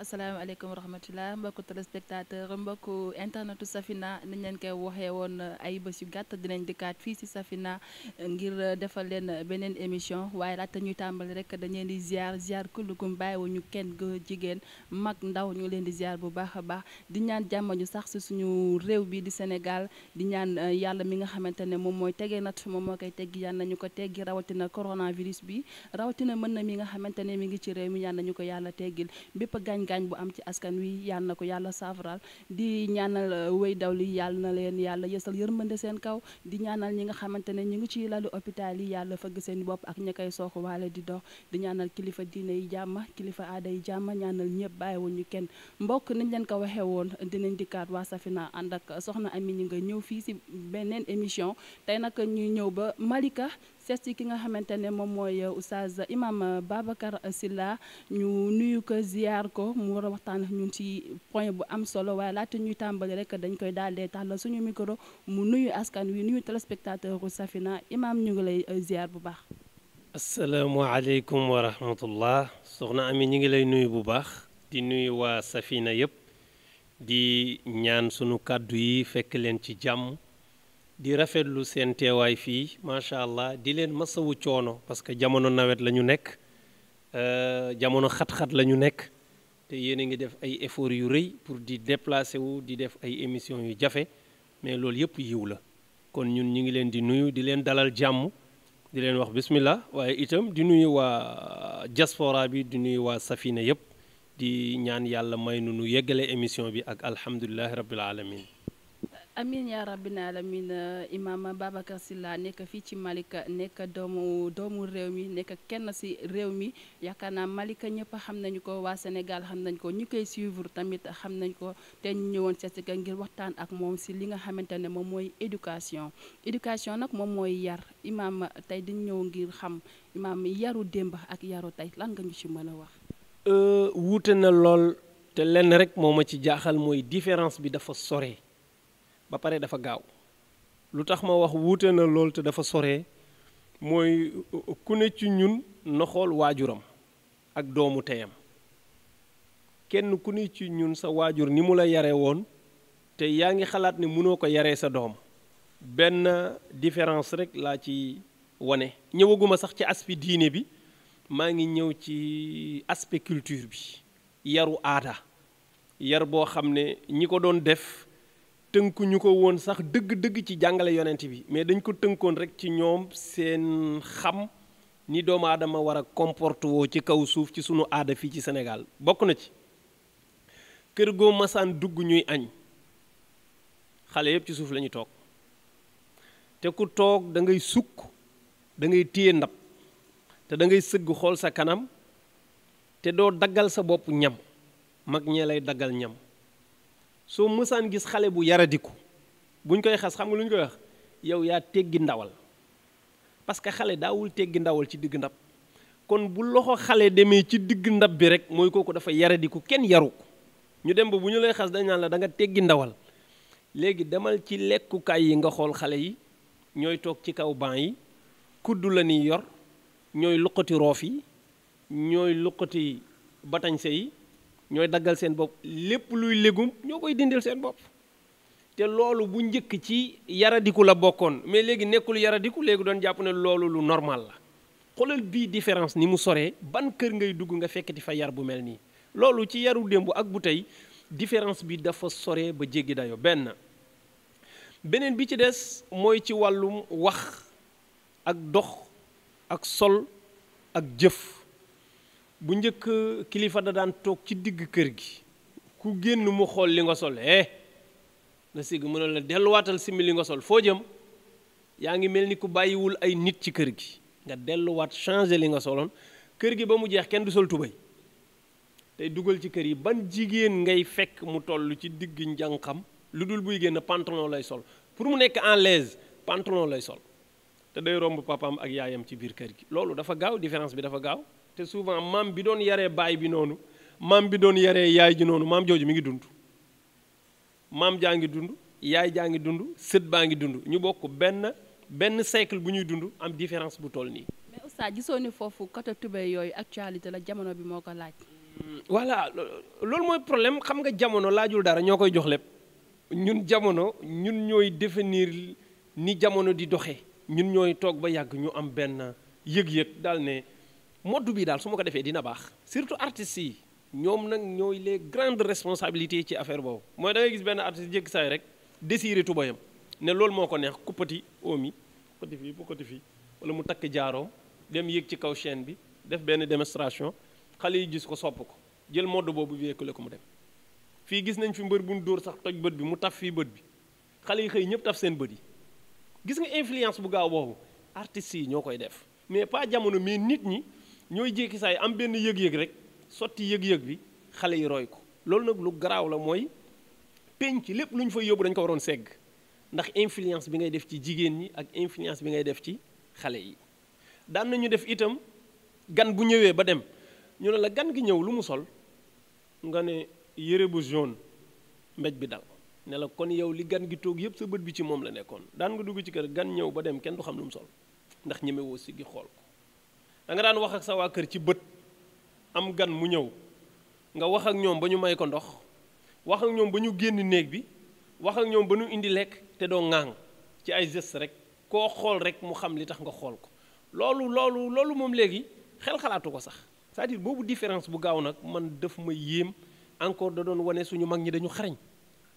asalaamaaleykum wa rahmatulah mbokku téléspectateur mbokku internetu Safina ni leen koy waxee woon ay bés yu gàtt dinañ dikkaat fii si Safina ngir defal leen beneen émission waaye laata ñuy tàmbali rek dañ leen di ziar ziar kullukum ñu kenn góor jigéen mag ndaw ñu leen di ziar bu baax a baax di ñaan jàmm ju sax si suñu réew bi di Sénégal di ñaan uh, yàlla mi nga xamante ne moom mooy tegee nat moom moo koy teggi yàlla nañu ko teggi rawatina coronavirus bi rawatina mën na mi nga xamante ne mi ngi ci réew mi nañu ko yàlla teggil ngaañ-ngaañ bu am ci askan wi yal na ko yàlla saafaraal di ñaanal euh, wéy daw li yàlla na leen yàlla yësal yërmande seen kaw di ñaanal ñi nga xamante ne ñu ngi ci lalu hôpital yi yàlla fëgg seen bopp ak ña koy sooxu waale di dox di ñaanal kilifa diine yi jàmm kilifa aada yi jàmm ñaanal ñëpp bàyyiwuñu kenn mbokk nañ leen ko waxee woon dinañ dikkaat waa Safina ànd ak soxna Ami ñi nga ñëw fii si beneen émission tey nag ñu ñëw ba Malika seet si ki nga xamante ne moom mooy euh, oustaz imam euh, Babacar Sylla ñu nuyu ko ziar ko mu war a waxtaan ñun ci point bu am solo waaye laata ñuy tàmbali rek dañ koy daal di tax la suñu micro mu nuyu askan wi nuyu téléspectateur Safina imam ñu ngi lay euh, ziar bu baax. asalaamaaleykum wa rahmatullah soxna Ami ñu ngi lay nuyu bu baax di nuyu waa Safina yëpp di ñaan sunu kàddu yi fekk leen ci jàmm. di rafetlu seen teewaay fii macha allah di leen masawu coono parce que jamono nawet la ñu nekk euh, jamono xat-xat la ñu nekk te yéen a ngi def ay efforts yu rëy pour di déplacer wu di def ay émissions yu jafe mais loolu yëpp yiw la kon ñun ñu ngi leen di nuyu di leen dalal jàmm di leen wax bismillah waaye itam di nuyu waa diaspora bi di nuyu waa Safina yëpp di ñaan yàlla may nu nu yeggale émission bi ak alhamdulilahi rabbil alamin amin yaa rabbina alamin eh, imam Babacar Sylla nekk fii ci Malika nekk doomu doomu réew mi nekk kenn si réew mi yaakaar naa Malika ñëpp xam nañu ko waa Sénégal xam nañu ko ñu koy suivre tamit xam nañu ko te ñu ñëwoon seet ka ngir waxtaan ak moom si li nga xamante ne moom mooy éducation éducation nag moom mooy yar imaama tey dañu ñëw ngir xam imam yaru démb ak yaru tey lan nga ñu ci mën a wax. Euh, wuute na lool te lenn rek moo ma ci jaaxal mooy différence bi dafa sore. ba pare dafa gaaw lu tax ma wax wuute na lool te dafa sore mooy ku ne ci ñun na waajuram ak doomu teyam kenn ku ne ci ñun sa waajur ni mu la yare woon te yaa ngi xalaat ne mënoo ko yaree sa doom benn différence rek laa ci wane ñëwaguma sax ci aspect diine bi maa ngi ñëw ci aspect culture bi yaru aada yar boo xam ne ñi ko doon def tënku ñu ko woon sax dëgg-dëgg ci jàngale yonent bi mais dañ ko tënkoon rek ci ñoom seen xam ni doomu aadama war a comporte woo ci kaw suuf ci sunu aada fii ci Sénégal bokk na ci kër goo masaan dugg ñuy añ xale yëpp ci suuf la ñu toog te ku toog dangay sukk da ngay téye ndab te da ngay sëgg xool sa kanam te doo daggal sa bopp ñam mag ñee lay daggal ñam soo mësaan gis xale bu yaradiku buñ koy xas xam nga lu ñu koy yow yaa teggi ndawal parce que xale daawul teggi ndawal ci digg ndab kon bu loxo xale demee ci digg ndab bi rek mooy kooku dafa yaradiku kenn yaru ko ñu dem ba bu ñu lay xas dañ naan la da nga teggi ndawal léegi demal ci lekkukaay yi nga xool xale yi ñooy toog ci kaw ban yi kudd la ni yor ñooy luqati roof yi ñooy luqati batañse yi ñooy daggal seen bopp lépp luy légume ñoo koy dindil seen bopp te loolu bu njëkk ci yaradiku la bokkoon mais léegi nekkul yaradiku léegi doon jàpp ne loolu lu normal la xoolal bii différence ni mu soree ban kër ngay dugg nga fekkati fa yar bu mel nii loolu ci yaru démb ak bu tey différence bi dafa sore ba jéggi dayo benn beneen bi ci des mooy ci wàllum wax ak dox ak sol ak jëf bu njëkk kilifa da daan toog ci digg kër gi ku génn mu xool li nga sol eh na sigg mën la delluwaatal simmi li nga sol foo jëm yaa ngi mel ni ku bàyyiwul ay nit ci kër gi nga delluwaat changé li nga soloon kër gi ba mu jeex kenn du sol tubay tey dugal ci kër yi ban jigéen ngay fekk mu toll ci digg lu dul buy génn pantalon lay sol pour mu nekk en l'aise pantalon lay sol te day romb papaam ak yaayam ci biir kër gi loolu dafa gaaw différence bi dafa gaaw souvent maam bi doon yaree baay bi noonu maam bi doon yaree yaay ji noonu maam jooju mu ngi dund maam jaa ngi dund yaay jaa ngi dund sët baa ngi dund ñu bokk benn benn cycle bu ñuy dund am différence bu toll nii. mais oustaz gisoo ni foofu côté tubéy yooyu actualité la jamono bi moo ko laaj. Hmm, voilà loolu mooy problème xam nga jamono laajul dara ñoo koy jox lépp ñun jamono ñun ñooy définir ni jamono di doxee ñun ñooy toog ba yàgg ñu am benn yëg-yëg daal ne. modd bii daal su ma ko defee dina baax surtout artistes yi ñoom nag ñooy les grande responsabilités ci affaire boobu mooy da gis benn artiste jékki saay rek désiré tubayam ne loolu moo ko neex kuppati omi kuppati fii kuppati fii wala mu takk jaaroom dem yéeg ci kaw chaîne bi def benn démonstration xale yi gis ko sopp ko jël modd boobu véhiculé ko mu dem fii gis nañ fi mbër bu ñu dóor sax toj bët bi mu taf fii bët bi xale yi xëy ñëpp taf seen bët yi gis nga influence bu gaaw boobu artistes yi ñoo koy def mais pas jamono mais nit ñi ñooy jékki yi am benn yëg-yëg rek sotti yëg-yëg bi xale yi roy ko loolu nag lu garaaw la mooy penc lépp lu ñu fay yóbbu dañ ko waroon segg ndax influence bi ngay def ci jigéen ñi ak influence bi ngay def ci xale yi daan nañu def itam gan bu ñëwee ba dem ñu ne la gan gi ñëw lu mu sol nga ne yére bu jaune mbéj bi dal ne la kon yow li gan gi toog yëpp sa bët bi ci moom la nekkoon daan nga dugg ci kër gan ñëw ba dem kenn du xam lu mu sol ndax ñemewoo si gi xool danga daan wax ak sa waa kër ci bët am gan mu ñëw nga wax ak ñoom ba ñu may ko ndox wax ak ñoom ba ñu génn néeg bi wax ak ñoom ba ñu indi lekk te doo ŋaaŋ ci ay geste rek koo xool rek mu xam li tax nga xool ko loolu loolu loolu moom léegi xel xalaatu ko sax cest boobu différence bu gaaw nag man daf ma yéem encore da doon wane suñu mag ñi dañu xarañ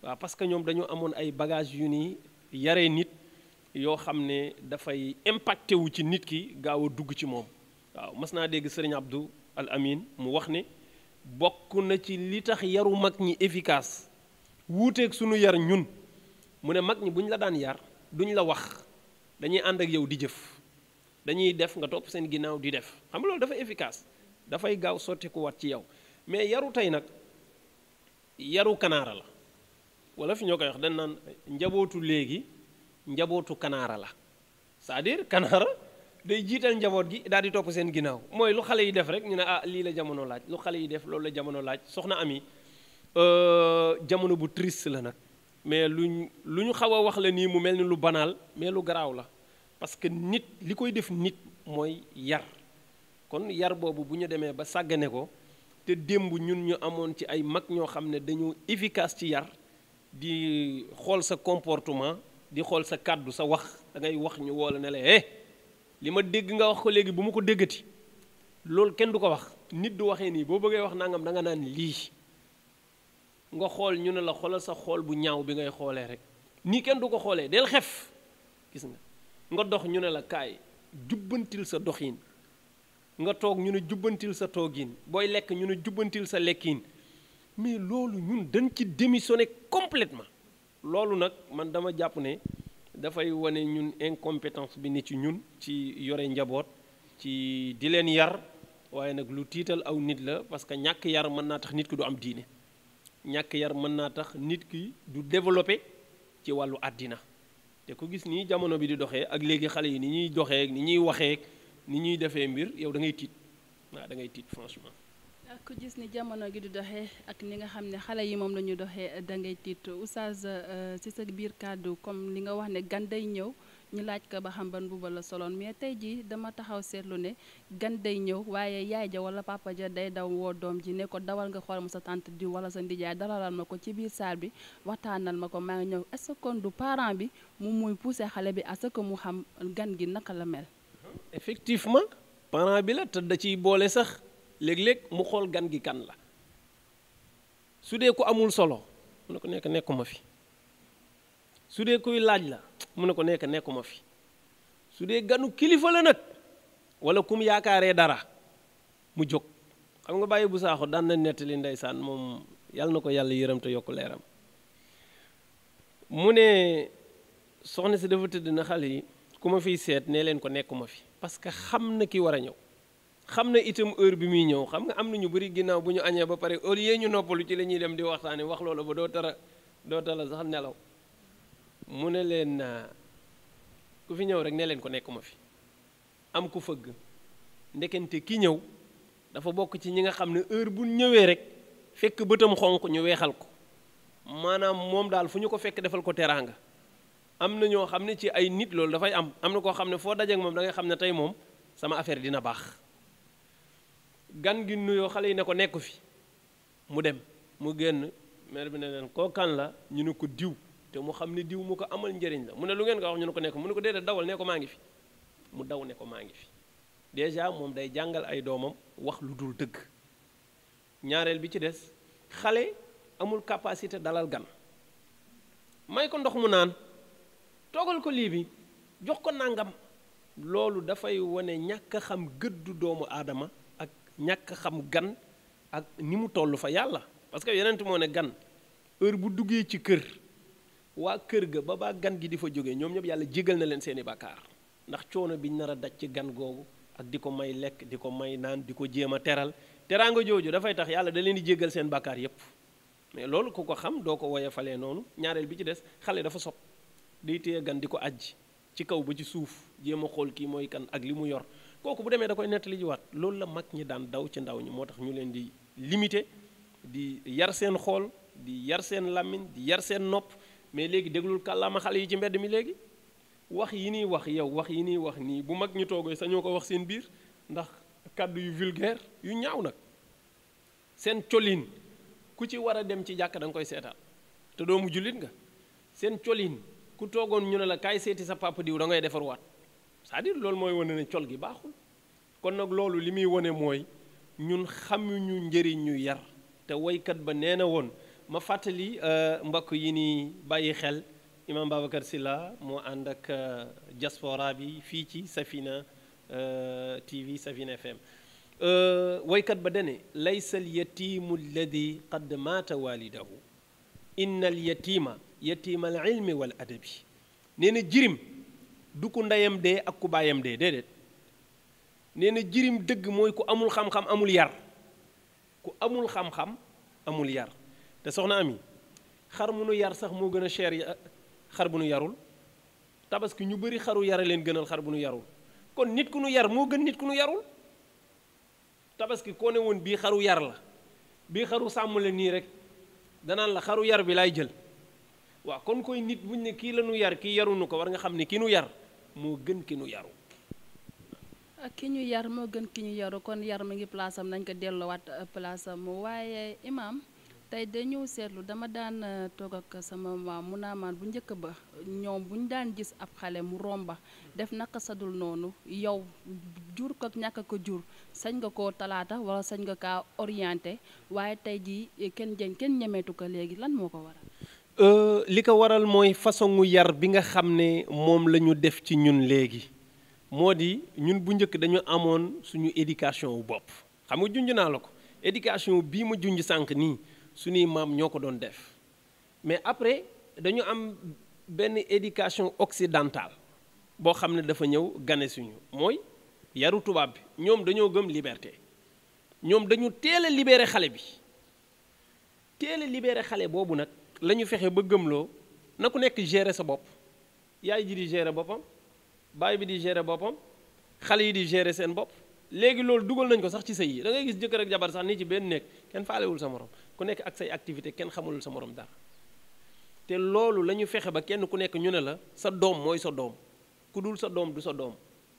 waaw parce que ñoom dañu amoon ay bagages yu ni yare nit yoo xam ne dafay impacté wu ci nit ki gaaw a dugg ci moom waaw mas naa dégg sëriñ Abdou al Amin mu wax ni bokk na ci li tax yaru mag ñi efficace wuuteeg sunu yar ñun mu ne mag ñi bu ñu la daan yar duñ la wax dañuy ànd ak yow di jëf dañuy def nga topp seen ginnaaw di def xam loolu dafa efficace dafay gaaw sottikuwaat ci yow mais yaru tey nag yaru kanaara la wala fi ñoo koy wax dañ naan njabootu léegi njabootu kanaara la c'est-à-dire kanaara day jiital njaboot gi daal di topp seen ginnaaw mooy lu xale yi def rek ñu ne ah lii la jamono laaj lu xale yi def loolu la jamono laaj soxna Ami euh, jamono bu triste la nag mais luñ lu ñu xaw a wax la nii mu mel ni lu banaal mais lu garaaw la parce que nit li koy def nit mooy yar kon yar boobu bu ñu demee ba sàggane ko te démb ñun ñu amoon ci ay mag ñoo xam ne dañu efficace ci yar di xool sa comportement di xool sa kàddu sa wax da ngay wax ñu woo la ne la eh li ma dégg nga wax ko léegi bu ma ko déggati loolu kenn du ko wax nit du waxee nii boo bëggee wax nangam da nga naan lii nga xool ñu ne la xoolal sa xool bu ñaaw bi ngay xoolee rek nii kenn du ko xoolee del xef gis nga nga dox ñu ne la kaay jubbantil sa doxiin nga toog ñu jubbantil sa toogiin booy lekk ñu ne jubbantil sa lekkiin mais loolu ñun dañ ci démissionné complètement loolu nag man dama jàpp ne dafay wane ñun incompétence bi ni ci ñun ci yore njaboot ci di leen yar waaye nag lu tiital aw nit la parce que ñàkk yar mën naa tax nit ki du am diine ñàkk yar mën naa tax nit ki du développé ci wàllu àddina te ku gis ni jamono bi di doxee ak léegi xale yi ni ñuy doxee ni ñuy waxee ni ñuy defee mbir yow da ngay tiit waaw da ngay tiit franchement ku gis ni jamono gi di doxee ak ni nga xam ne xale yi moom la ñu doxee da ngay tiit oustaz euh, ci sa biir kàddu comme li nga wax ne gan day ñëw ñu laaj ko ba xam ban mbubb la soloon mais tey jii dama taxaw seetlu ne gan day ñëw waaye yaay ja wala papa ja day daw woo doom ji ne ko dawal nga xool ma sa tànt di wala sa ndijaay dalalal ma ko ci biir saal bi waxtaanal ma ko maa ngi ñëw est du parent bi mu muy pousser xale bi à que mu xam gan gi naka la mel. léeg-léeg mu xool gan gi kan la su dee ku amul solo mu ne ko nekk nekkuma fi su dee kuy laaj la mu ne ko nekk nekkuma fi su dee ganu kilifa la nag wala kum yaakaaree dara mu jóg xam nga bàyyi bu saaxu daan na nettali ndeysaan moom yàlla na ko yàlla yërëm te yokk leeram mu ne soxna si dafa tëdd na xale yi ku ma fiy seet nee leen ko nekkuma fi parce que xam na ki war a ñëw xam na itam heure bi muy ñëw xam nga am na ñu bari ginnaaw bu ñu añee ba pare au lieu ñu noppalu ci la ñuy dem di waxtaanee wax loola ba doo tara doo tara sax nelaw mu ne leen ku fi ñëw rek ne leen ko nekkuma fi am ku fëgg ndekente ki ñëw dafa bokk ci ñi nga xam ne heure bu ñëwee rek fekk bëtam xonq ñu weexal ko maanaam moom daal fu ñu ko fekk defal ko teraanga am na ñoo xam ne ci ay nit loolu dafay am am na koo xam ne foo dajeek moom dangay ngay xam ne tey moom sama affaire dina baax. gan gi nuyoo xale yi ne ko nekk fi mu dem mu génn maire bi ne leen koo kan la ñu ne ko diw te mu xam ne diw mu ko amal njëriñ la mu ne lu ngeen ko wax ñu ne ko nekk mu ne ko déedéet dawal ne ko maa ngi fi mu daw ne ko maa ngi fi déjà moom day jàngal ay doomam wax lu dul dëgg ñaareel bi ci des xale amul capacité dalal gan may ko ndox mu naan toogal ko lii bi jox ko nàngam loolu dafay wane ñàkk xam gëddu doomu aadama ñàkk xam gan ak ni mu toll fa yàlla parce que yeneen moo ne gan heure bu duggee ci kër waa kër ga ba baa gan gi di fa jóge ñoom ñëpp yàlla jégal na leen seeni bàkkaar ndax coono biñ nar a daj ci gan googu ak di ko may lekk di ko may naan di ko jéem a teral teraanga jooju dafay tax yàlla da leen di jégal seen bàkkaar yépp mais loolu ku ko xam doo ko woyofalee noonu ñaareel bi ci des xale dafa sob day téye gan di ko ajji ci kaw ba ci suuf jéem a xool kii mooy kan ak li mu yor kooku bu demee da koy nettali jiwaat loolu la mag ñi daan daw ci ndaw ñi moo tax ñu leen di limité di yar seen xool di yar seen di yar seen nopp mais léegi déglul kàllaama xale yi ci mbedd mi léegi wax yi niy wax yow wax yi niy wax nii bu mag ñu toogee sañoo ko wax seen biir ndax kàddu yu vulgaire yu ñaaw nag seen colin ku ci war a dem ci jàkk da nga koy te doomu nga seen colin ku toogoon ñu ne la kaay seeti sa papa diw da ngay c'est-à-dire loolu mooy wane ne col gi baaxul kon nag loolu li muy wane mooy ñun xamuñu njëriñu yar te woykat ba nee na woon ma fàttali mbokk yi ni bàyyi xel imam Babacar Sylla moo ànd ak diaspora bi fii ci Safina TV Safina FM woykat ba dane laysa al yatimu alladi qad maata waalidahu inna al yatima yatima al ilmi wal adabi nee na jirim du ko ndeyam de ak ku baayam dee déedéet nee na jirim dëgg mooy ku amul xam-xam amul yar ku amul xam-xam amul yar te soxna am yi xar mu nu yar sax moo gën a cher xar bu nu yarul tabaski ñu bari xaru yara leen gënal xar bu nu yarul kon nit yar moo gën nit ku nu yarul tabaski koo woon bii xaru yar la bii xaru sàmm la nii rek danaan la xaru yar bi laay jël waa kon koy nit buñ ne kii la nu yar kii yaru yarunu ko war nga xam ne kii nu yar moo gën ki nu yaru ki ñu yar moo gën ki ñu yaru kon yar mi ngi place am nañ ko delluwaat euh, place waaye imaam tey dañu seetlu dama daan euh, toog ak sama maam mu naamaan bu njëkk ba ñoom bu ñu daan gis ab xale mu romba def naka sadul noonu yow jur ko ñàkk ko jur sañ nga ko talaata wala sañ nga kaa orienté waaye tey jii kenn jën kenn ñemeetu ko léegi lan moo ko waral Euh, li ko waral mooy façon yar bi nga xam ne moom la ñu def ci ñun léegi moo di ñun bu njëkk dañu amoon suñu éducation wu bopp xam nga junj naa la ko éducation bii ma junj sànq nii suñuy maam ñoo ko doon def mais après dañu am benn éducation occidentale boo xam ne dafa ñëw gane suñu mooy yaru tubaab bi ñoom dañoo gëm liberté ñoom dañu teel a libéré xale bi teel a xale boobu nag. lañu fexe ba gëmloo na ku nekk gérer sa bopp yaay ji di gérer boppam baay bi di gérer boppam xale yi di gérer seen bopp légui loolu dugal nañ ko sax ci sëy yi da ngay gis jëkkër ak jabar sax ni ci benn nekk kenn wul sa morom ku nekk ak say activité kenn xamul sa morom dara te loolu lañu fexe ba kenn ku nekk ñu ne la sa doom mooy sa doom ku dul sa doom du sa doom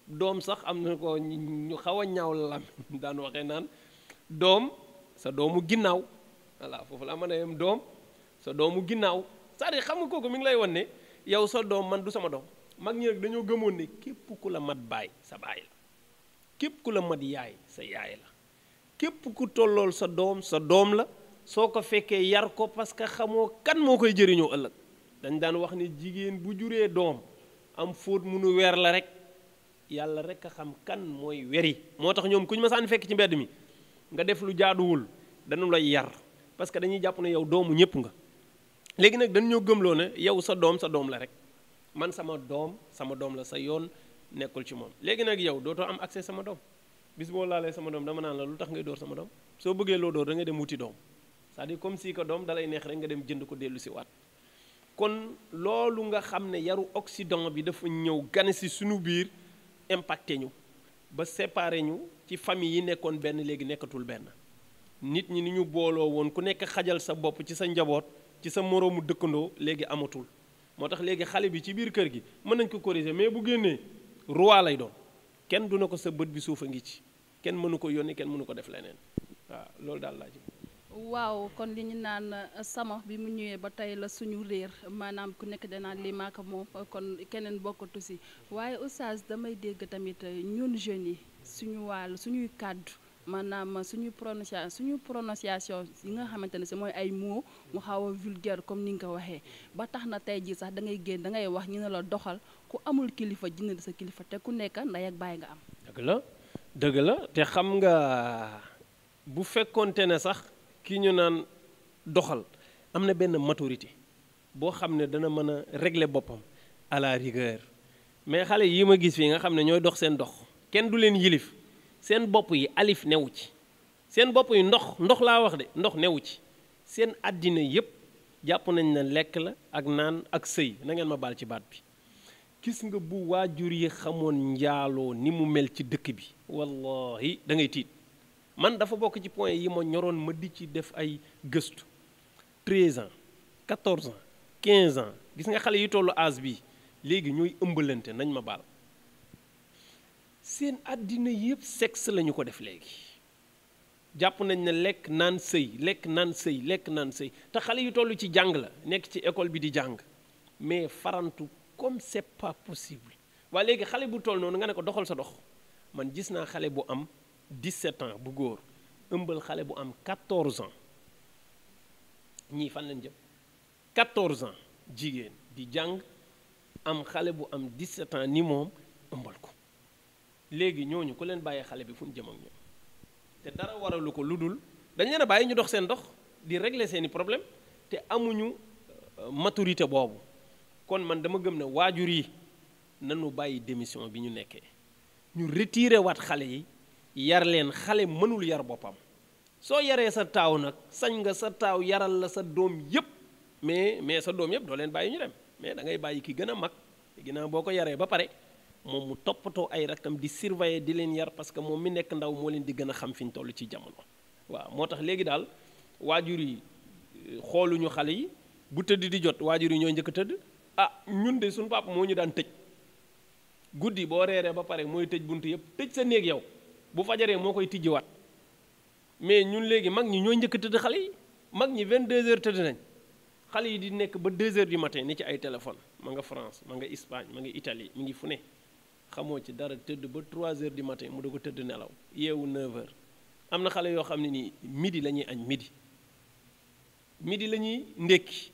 doom sax am na ko ñu xaw a ñaaw la daan waxee naan doom sa doomu ginnaaw voilà foofu la mën a doom sa doomu ginnaaw cest à xam nga kooku mi ngi lay wan yow sa doom man du sama doom mag ñi nag dañoo gëmoon ne képp ku la mat baay sa baay la képp ku la mat yaay sa yaay la képp ku tollool sa doom sa doom la soo ko yar ko parce que xamoo kan moo koy jëriñoo ëllëg dañ daan wax ni jigéen bu juree doom am fóot munu weer la rek yàlla rek a xam kan mooy weri moo tax ñoom kuñ ma saan fekk ci mbedd mi nga def lu jaaduwul dañu lay yar parce que dañuy jàpp ne yow doomu ñëpp nga lagi nak dañ ñoo gëmloo ne yow sa doom sa doom la man sama dom sama doom la sa yoon nekkul ci moom léegi nag yow am accès sama dom. bis boo le sama dom. dama naan la lu tax ngay door sama doom So bëggee loo door da ngay dem wuti doom c'est-à-dire comme si doom dalay neex rek nga dem jënd ko dellu si waat kon loolu nga xam ne yaru occident bi dafa ñëw gane si suñu biir impacté ñu ba séparé ñu ci famille yi nekkoon benn léegi nekkatul benn nit ñi ni ñu booloo woon ku nekk xajal sa bopp ci sa ci sa moroomu dëkkandoo léegi amatul moo tax léegi xale bi ci biir kër gi mën nañ ko corriger mais bu génnee roi lay kenn du na ko sa bët bi suuf a ngi ci kenn mënu ko yónni kenn mënu ko def leneen waaw loolu daal laa waaw kon li ñu naan uh, sama bi mu ñëwee ba tey la suñu réer maanaam ku nekk danaan lii maaka moom kon keneen bokkatu si waaye oustaz damay dégg tamit uh, ñun jeunes yi suñu wàll suñuy kàddu maanaam suñu prononciation suñu prononciation yi nga xamante ne si mooy ay moo mu xaw a vulgaire comme ni nga ko waxee ba tax na tey jii sax dangay génn da ngay wax ñu ne la doxal ku amul kilifa jënd sa kilifa te ku nekk ndey ak baay nga am. dëgg la dëgg la te xam nga bu fekkonte ne sax ki ñu naan doxal am na benn maturité boo xam ne dana mën a régler boppam à la mais xale yi ma gis fii nga xam ne ñooy dox seen dox kenn du leen yilif. seen bopp yi alif newu ci seen bopp yi ndox ndox laa wax de ndox newu ci seen àddina yépp jàpp nañ ne lekk la ak naan ak sëy nangeen ma baal ci baat bi gis nga bu waajur yi xamoon njaaloo ni mu mel ci dëkk bi wallahi da ngay tiit man dafa bokk ci point yi ma ñoroon ma di ci def ay gëstu 13 ans 14 ans 15 ans gis nga xale yi tollu aas bi léegi ñooy ëmbalante nañ ma baal seen àddina yëpp sexe lañu ko def léegi jàpp nañ ne lekk naan sëy lekk naan sëy lekk naan sëy te xale yu toll ci jàng la nekk ci école bi di jàng mais farantu comme c'est pas possible waaye léegi xale bu toll noonu nga ne ko doxal sa dox man gis naa xale bu am 17 ans bu góor ëmbal xale bu am 14 ans ñii fan lañ jëm 14 ans jigéen di jàng am xale bu am 17 ans ni moom ëmbal ko léegi ñooñu ku leen bàyyi xale bi fu ñu jëm ak ñoom te dara waralu ko lu dul dañ leen a bàyyi ñu dox seen dox di régler seeni problème te amuñu euh, maturité boobu kon man dama gëm ne waajur yi nanu bàyyi démission bi ñu nekkee ñu retiré waat xale yi yar leen xale mënul yar boppam soo yaree sa taaw nag sañ nga sa taaw yaral la sa doom yépp mais mais sa doom yépp doo leen bàyyi ñu dem mais da ngay bàyyi ki gën a mag ginnaaw boo ko yaree ba pare moom mu toppatoo ay rakkam di surveiller di leen yar parce que moom mi nekk ndaw moo leen di gën a xam fi ñu toll ci jamono waaw moo tax léegi daal waajur yi euh, xooluñu xale yi bu tëdd di jot waajur yi ñoo njëkk tëdd ah ñun de suñu papa moo ñu daan tëj guddi boo reeree ba pare mooy tëj bunt yëpp tëj sa néeg yow bu fajaree moo koy tijjiwaat mais ñun léegi mag ñi ñooy njëkk tëdd xale yi mag ñi deux heure tëdd nañ xale yi di nekk ba 2 heures du matin ni ci ay téléphone ma nga France ma nga Espagne ma nga Italie mi ngi fu ne xamoo ci dara tëdd ba trois heures du matin mu da ko tëdd nelaw yeewu 9 heures am na xale yoo xam ne nii midi la ñuy añ midi midi la ñuy ndékki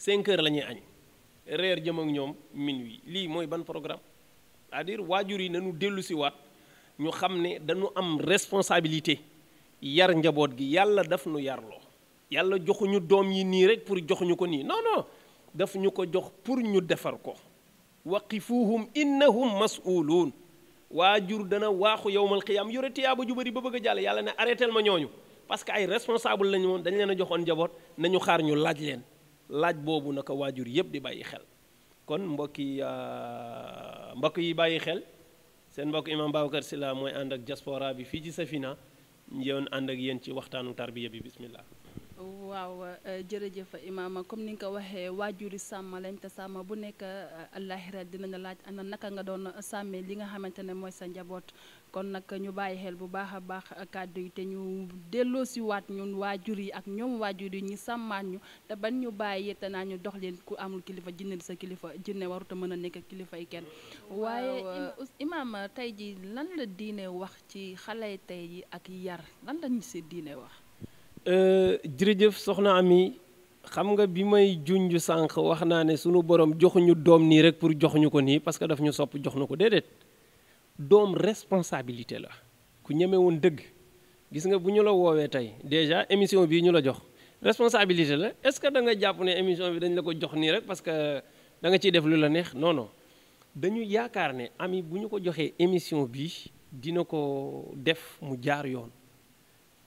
5 heures la ñuy añ reer jëm ak ñoom minuit lii mooy ban programme c'est-à-dire waajur yi nañu dellu si waat ñu xam ne dañu am responsabilité yar njaboot gi yàlla daf nu yarloo yàlla joxuñu doom yi nii rek pour jox ñu ko nii non non daf ñu ko jox pour ñu defar ko وقفوهم انهم مسؤولون واجر دنا واخو يوم القيامه يوري تياب جو بري جال يالا ن اريتال ما ньо ญ و باسكو اي ريسبونسابل لاني مون دنج لينا جوخون جابوت نانيو خار ني لاج لين لاج بوبو نكا واجور ييب دي باي خيل كون مبوكي آه، مبوكي باي خيل سين مبوك امام باوكر سلام موي اندك جاسبورا بي في سفينا نيون اندك يين سي وقتانو تربيه بي بسم الله waaw euh, jërëjëf imaam comme ni nga ko waxee waajuri sàmm lañ te sàmma bu nekk euh, àllaaxira dinañ la laaj ana naka nga doon euh, sàmmee li nga xamante ne mooy sa njaboot kon nag ñu bàyyi xel bu baax a baax kàddu yi te ñu delloosi waat ñun waajur yi ak ñoom waajur yi ñu sàmmaat ñu te ban ñu bàyyi te naa ñu dox leen ku amul kilifa jinne sa kilifa jinne waruta mën a nekk kilifa kilifay kenn waaye imaam tey ji lan la diine wax ci xale tey yi ak yar lan lañu si diine wax Euh, jërëjëf soxna Ami xam nga bi may junj sànq wax naa ne sunu borom joxuñu doom nii rek pour joxuñu ko nii parce que daf ñu sopp jox na ko déedéet doom responsabilité la ku ñeme woon dëgg gis nga bu ñu la woowee tey déjà émission bii ñu la jox responsabilité la est-ce que da nga jàpp ne émission bi dañu la ko jox nii rek parce que da nga ciy def lu la neex noonu non dañu yaakaar ne Ami bu ñu ko joxee émission bi dina ko def mu jaar yoon.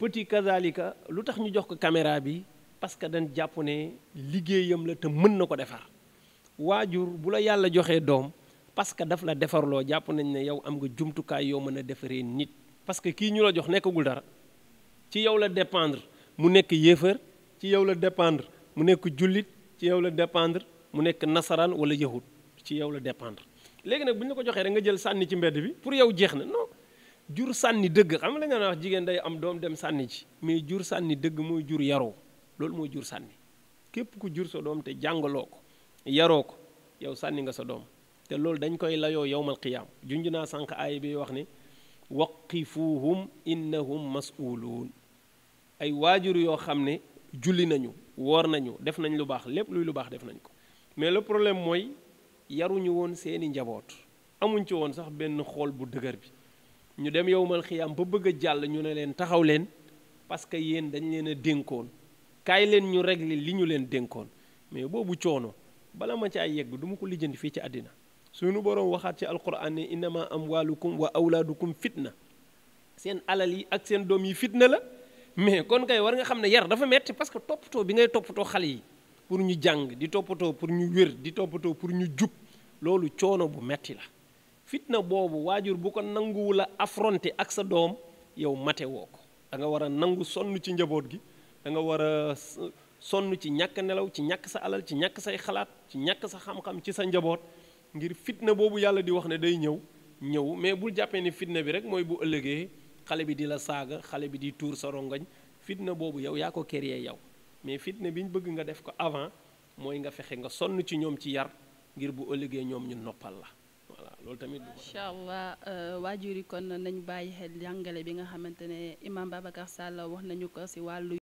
petit kazalika lu tax ñu jox ko caméra bi parce que dañ jàpp ne liggéeyam la te mën na ko defar waajur bu la yàlla joxee doom parce que daf la defarloo jàpp nañ ne yow am nga jumtukaay yoo mën a defaree nit parce que kii ñu la jox nekkagul dara ci yow la dépendre mu nekk yéefar ci yow la dépendre mu nekk jullit ci yow la dépendre mu nekk nasaraan wala yahud ci yow la dépendre léegi nag bu ñu la ko joxee rek nga jël sànni ci mbedd bi pour yow jeex na non jur sànni dëgg xam nga la nga wax jigéen day am doom dem sànni ci mais jur sànni dëgg mooy jur yaroo loolu mooy jur sànni képp ku jur sa doom te jàngaloo ko yaroo ko yow sànni nga sa doom te loolu dañ koy layoo yowmal qiyaam junju naa sànq aay bi wax ne waqifuuhum innahum mas'uluun ay waajur yoo xam ne julli nañu woor nañu def nañ lu baax lépp luy lu baax def nañ ko mais le problème mooy yaruñu woon seeni njaboot amuñ ci woon sax benn xool bu dëgër bi ñu dem yowmal xiyaam ba bëgg a jàll ñu ne leen taxaw leen parce que yéen dañ leen a dénkoon kaay leen ñu regle li ñu leen dénkoon mais boobu coono bala ma caa yegg du ma ko lijjanti fii ci àddina suñu boroom waxaat ci alquran ne innama amwalukum wa awlaadukum fitna seen alal yi ak seen doom yi fitna la mais kon kay war nga xam ne yar dafa metti parce que toppatoo bi ngay toppatoo xale yi pour ñu jàng di toppatoo pour ñu wér di toppatoo pour ñu jub loolu coono bu metti la fitna boobu waajur bu ko nanguwula affronter ak sa doom yow mate woo ko da nga war a nangu sonn ci njaboot gi da nga war a ci ñàkk nelaw ci ñàkk sa alal ci ñàkk say xalaat ci ñàkk sa xam-xam ci sa njaboot ngir fitna boobu yàlla di wax ne day ñëw ñëw mais bul jàppee ni fitna bi rek mooy bu ëllëgee xale bi di la saaga xale bi di tuur sa rongañ fitna boobu yow yaa ko créé yow mais fitna bi bëgg nga def ko avant mooy nga fexe nga sonn ci ñoom ci yar ngir bu ëllëgee ñoom ñu noppal la loolu tamit incha allah euh, waajur yi kon nañu bàyyi xel jàngale bi nga xamante ne imam Babacar Sall wax nañu ko si wàllu